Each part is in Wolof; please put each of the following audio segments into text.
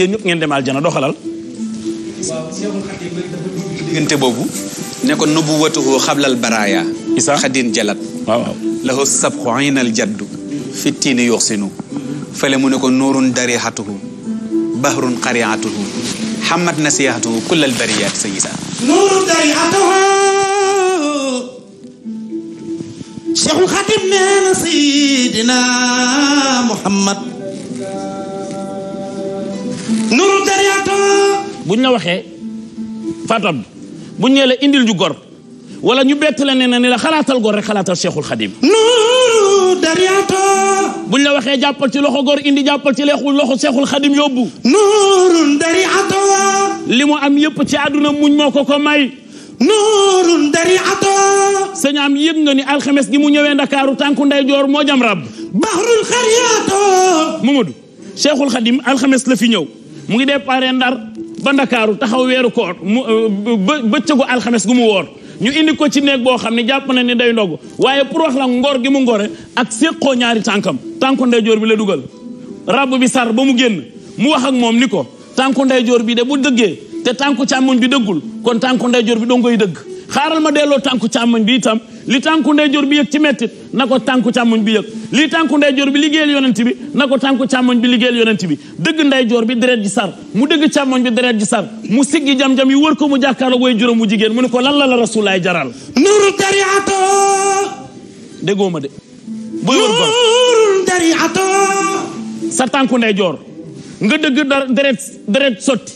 yéen ñëpp ngeen dem aljana doxalal. waaw Seexul Xadiim dafa dugg diggante boobu. ne ko nubuwatuhu xablal baraaya. isa xadin jalat. waaw waaw lahu sabxu aynal jaddu. fi tiini mu ne ko nuurun darihatuhu. bahrun bariyaat sa isa. nuurun na Seydina Muhammad. ñu la waxee faatu bu buñ nee la indil ju gor wala ñu bett la ne na ne la xalaatal gor rek xalaatal Cheikhul Khadim nuuru dariyato buñ la waxee jàppal ci loxo gor indi jàppal ci leexul loxo Cheikhul Khadim yóbbu dari dariyato li mu am yëpp ci àdduna muñ moo ko ko may nuurun dariato sëñ am yëg nga ni alxames gi mu ñëwee ndakaaru tànku nday moo jam rab baxrul xariato Mamadou la fi ñëw mu ngi départ Ndar ba ndakaaru taxaw weeru koor mu euh, bëccëgu alxames gu mu woor ñu indi ko ci néeg boo xam ne jàpp na ne day ndogu waaye pour wax la ngor gi mu ngore ak séqoo ñaari tànkam tànku ndeyjoor bi la dugal rabb bi sar ba mu génn mu wax ak moom ni ko tànku ndeyjoor bi de bu dëggee te tànku càmmoñ bi dëggul kon tànku ndeyjoor bi dong koy dëgg xaaral ma delloo tànku càmmoñ bi itam li tànku ndeyjoor bi yëg ci mettit na ko tànku càmmoñ bi yëg li tànku nday joor bi liggéeyal yonent bi na ko tànku càmmoñ bi liggéeyal yonent bi dëgg ndeyjoor bi deret ji sar mu dëgg càmmoñ bi deret ji sar mu siggi jam-jam yi wër ko mu jàkkaarloo way juróom mu jigéen mu ne ko lan la la rasulaay jaral nuru dariato déggoo ma de tànku ndeyjoor nga dëgg deret deret sotti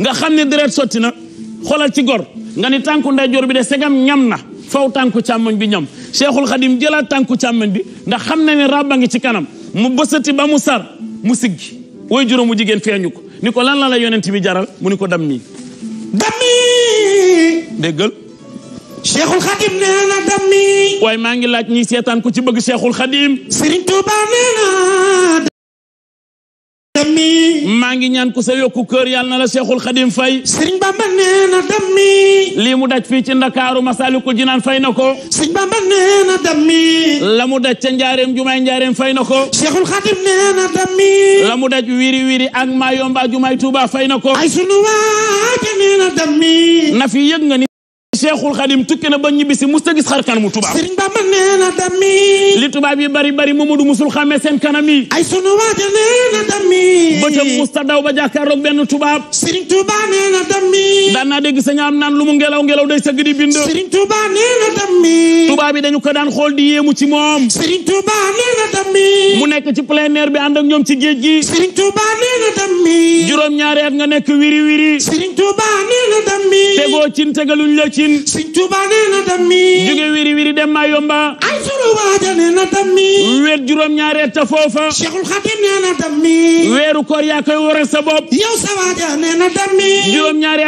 nga xam ne deret sotti na xoolal ci gor nga ni tànku joor bi de segam ñam na faw tànku càmmoñ bi ñam cheikhul xadim jëlaat tànku càmmoñ bi ndax xam na ne ràbba ngi ci kanam mu bësati ba mu sar mu siggi way juróom mu jigéen feeñu ko ni ko lan la la yonent bi jaral mu ni ko dam mii dam mii xadim nee na dam mii waaye maa ngi laaj ñiy seetaan ku ci bëgg seexul xadim sëriñ tuuba nee na maa ngi ñaan ku sa yokku kër yal na la Cheikhul Khadim fay Sëriñ Bamba nee na dammi lii mu daj fii ci Ndakaaru Masaalikul Jinaan fay na ko Sëriñ Bamba nee na dammi la mu daj ca njaareem jumaay njaareem fay na ko Cheikhul Khadim nee dammi la mu daj wiri wiri ak maa yomba jumaay Tuuba fay na ko ay sunu waaj nee na dammi na fi yëg nga ni Cheikhul Khadim tukki na ba ñibbisi mës ta gis xar kanamu tubaab. Serigne Bamba nee na dami. li tubaab yi bari bari Momadou musul xàmmee seen kanam yi. ay sunu waaja nee na dami. bëtam mës ta daw ba jàkkaarloog benn tubaab. Serigne Touba nee na ñaam naan lu mu ngelaw ngelaw day sëgg di bind. Serigne Touba nee na dami. tubaab yi dañu ko daan xool di yéemu ci moom. Serigne Touba nee na dami. mu nekk ci plein bi ànd ak ñoom ci géej gi. Serigne Touba nee na dami. juróom-ñaari at nga nekk wiri wiri. Serigne Touba nee na tegoo cin tegaluñ la cin mi. Sëñ Tuuba nee na dem mi. jóge wiri wiri dem yomba. ay sunu waaja nee na dem mi. wéet ta foofa. Cheikhul Khadim nee na weeru koor yaa koy wóoral yow sa waaja nee na dem mi.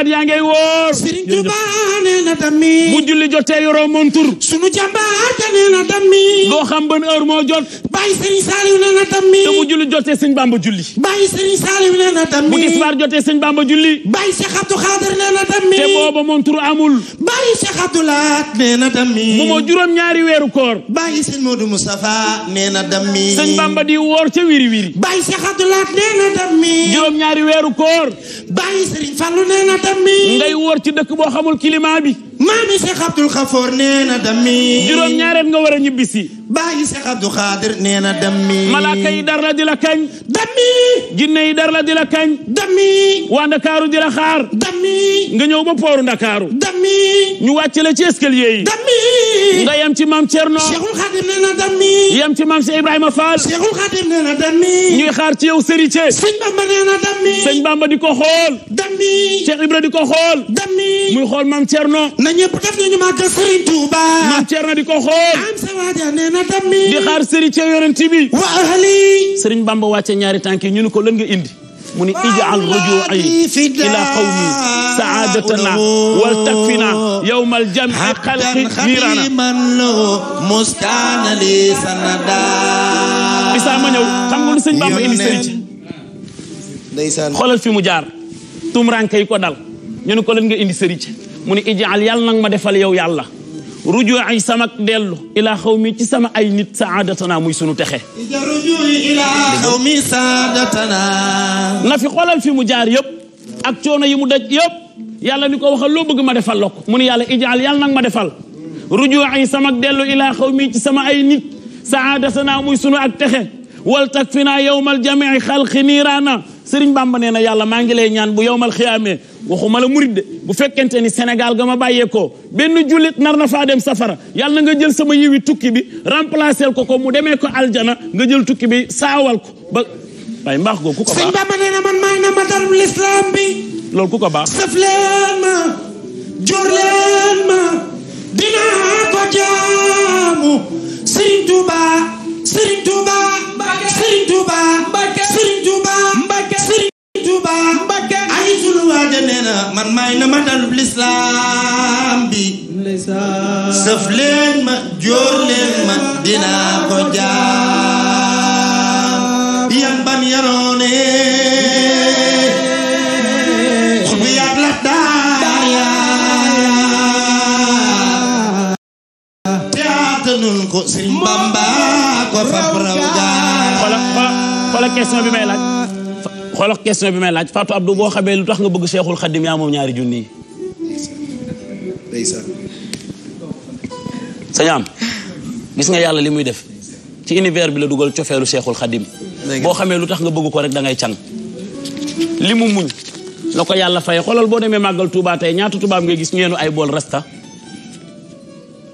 at yaa ngay wóor. mu julli jotee yoroo moon tur sunu jàmbaar te nee na tammi doo xam ban heure moo jot bàyyi sëriñ Saaliw nee na tammi te mu julli jotee sëñ Bamba julli bàyyi sëriñ Saaliw nee na jotee sëñ Bamba julli bàyyi Cheikh Abdou Khader nee na tammi te booba moon amul bàyyi Cheikh Abdou Laat nee na tammi moo juróom ñaari weeru koor bàyyi sëñ Modou Moustapha nee na tammi sëñ Bamba di woor ca wiri wiri bàyyi Cheikh Abdou Laat nee na tammi juróom ñaari weeru koor bàyyi sëriñ Fallu nee na tammi ngay ci dëkk boo xamul climat bi maa maami Cheikh Abdul Xafoor nee na dammi. juróom ñaareet nga war a ñibbisi. baayi Cheikh Abdou Xaadir nee na dammi. malaaka yi dar la di la kañ. dammi. jinne yi dar la di la kañ. dammi. waa Ndakaaru di la xaar. dammi. nga ñëw ba pooru Ndakaaru. dammi. ñu wàcc la ci escalier yi. dammi. nga yem ci maam Thierno. Cheikhul Xadim nee na dammi. yem ci maam Cheikh Ibrahima Fall. Cheikhul Xadim nee na dammi. ñuy xaar ci yow Serigne Thiès. sëñ Bamba nee na dammi. sëñ Bamba di ko xool. dammi Cheikh Ibra di ko xool dammi muy xool Mame Thierno na ñëpp def nañu màggal Serigne Touba Mame Thierno di ko xool am sa waaja nee na dammi di xaar Serigne ca yonent bi wàcce ñaari tànk yi ñu ni ko lan nga indi mu ni ijaal rujuu'i ilaa qawmi saadatana wal takfina yawmal jam'i xalqi niirana isaa ma ñëw xam nga lu sëñ Bamba indi Serigne xoolal mu jaar tumuranke yi ko dal ñu ne ko lan nga indi sëriñ mu ne ijaal yàlla nang ma defal yow yàlla ruju ay sama dellu ilaa xaw mi ci sama ay nit saadatana muy sunu texe na fi fi mu jaar yëpp ak coono yi mu daj yëpp yàlla ni ko waxal loo bëgg ma defal lokk mu ne yàlla nag ma defal ruju ay sama xaw mi ci sama muy sunu ak texe wal takfina yowmal jamii xalqi niiraana sëriñ Bamba nee na yàlla maa ngi lay ñaan bu yowmal xiyaamee waxuma la murid de bu fekkente ni Sénégal ga ma bàyyeekoo benn jullit nar na faa dem safara yàlla na nga jël sama yiwi tukki bi remplacer ko ko mu demee ko aljana nga jël tukki bi saawal ko ba waaye mbaax googu ku ko baax sëriñ Bamba nee na man maay na madarul islam bi loolu ku ko baax saf leen ma jor leen ma dinaa lislaam bi sëf leen ma jóor ko jaar yam yaroone xutbu yaat la daaya te aatanul ko bi may laaj xoolal question bi may laaj Fatou Abdou boo xamee lu tax nga bëgg Cheikhul Khadim yaa moom ñaari junni ndeysaan sañaam gis nga yàlla li muy def ci univers bi la dugal cofeelu seexul xadim boo xamee lu tax nga bëggu ko rek da ngay can li mu muñ la ko yàlla fay xolal boo demee màggal Touba tey ñaata tubaab ngay gis ñeenu ay bool rasta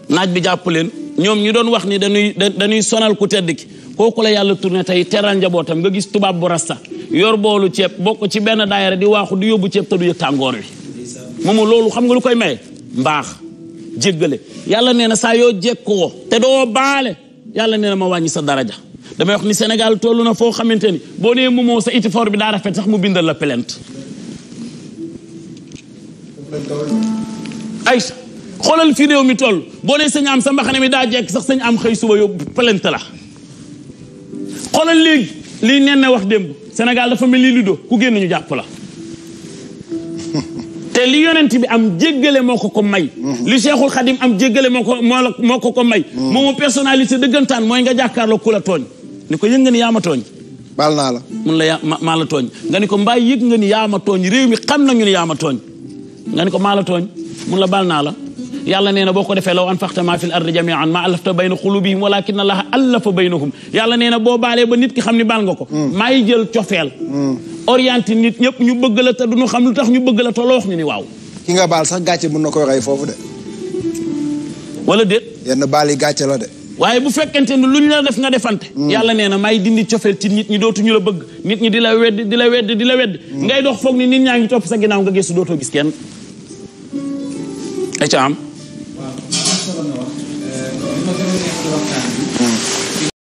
naaj bi jàpp leen ñoom ñu doon wax ni dañuy dañuy sonal ku tedd ki kooku la yàlla tourné tey teral njabootam nga gis tubaab bu rasta yor boolu ceeb bokk ci benn daayira di waaxu di yóbbu ceeb te du yëg tàngoor wi moomu loolu xam mbaax jéggale yàlla nee na saa yoo jekkoo te doo baale yàlla nee na ma wàññi sa daraja damay wax ni Sénégal tollu na foo xamante ni boo nee moomoo sa itifor bi daa rafet sax mu bindal la plainte aysa xoolal fi réew mi toll boo nee sëñ am sa mbaxane mi daa jekk sax sëñ am xëy suba yóbbu plainte la xoolal léegi lii nen ne wax démb Sénégal dafa mel ni Ludo ku génn ñu jàpp la te li yonent bi am jéggale moo ko ko may li Cheikhul Khadim am jéggale moo ko moo moo ko ko may moomu personnalité dëggantaan mooy nga jàkkaarloo ku la tooñ ni ko yëg nga ni yaa ma tooñ baal naa la mun la maa la tooñ nga ni ko mbaa yëg nga ni yaa tooñ réew mi xam nañu ni yaa ma tooñ nga ni ko maa la tooñ mun la baal naa la yàlla nee na boo ko defee law anfaqta maa fil ardi jamian maa allafta bayna xulubihim walakin allaha allafa baynahum yàlla nee na boo baalee ba nit ki xam ni baal nga ko mm. maay jël cofeel mm. oriente nit ñëpp ñu bëgg la te duñu xam lu tax ñu bëgg la te loo wax ñu ni waaw. ki nga baal sax gàcce mën na koy rey foofu de. wala déet. yenn baal yi gàcce la de. waaye bu fekkente ni ñu la def nga defante. Mm. yàlla nee na may dindi cofeel ci nit ñi dootuñu la bëgg nit ñi di la wedd di la wedd di la mm. ngay dox foog ni nit ñaa ngi topp sa ginnaaw nga gis dootoo gis kenn. ay am.